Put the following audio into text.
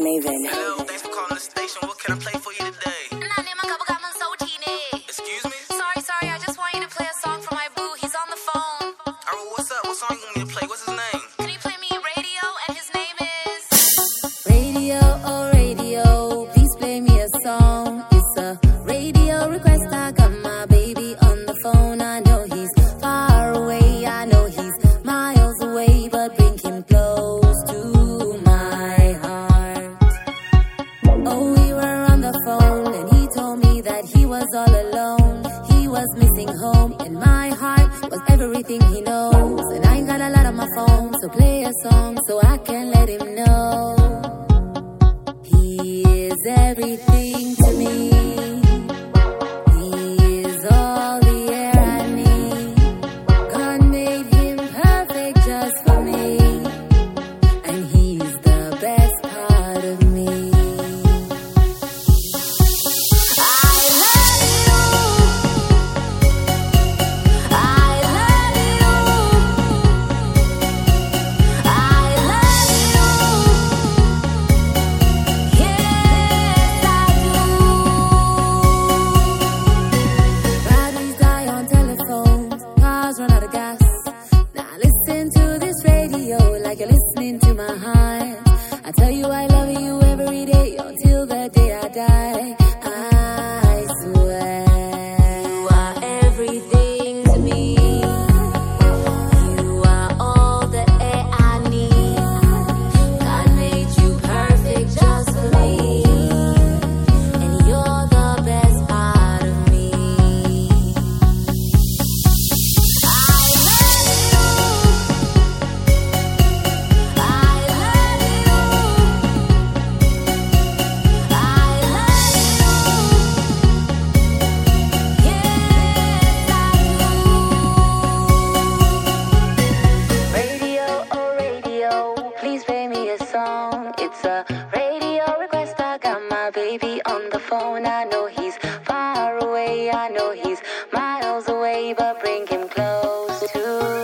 Maven. Hello, thanks for calling the station. What can I play for you today? hoes. And I ain't got a lot on my phone, so play a song so I can let him know. He is everything to me. mind. I tell you I love you every day until the day I die. baby on the phone. I know he's far away, I know he's miles away, but bring him close to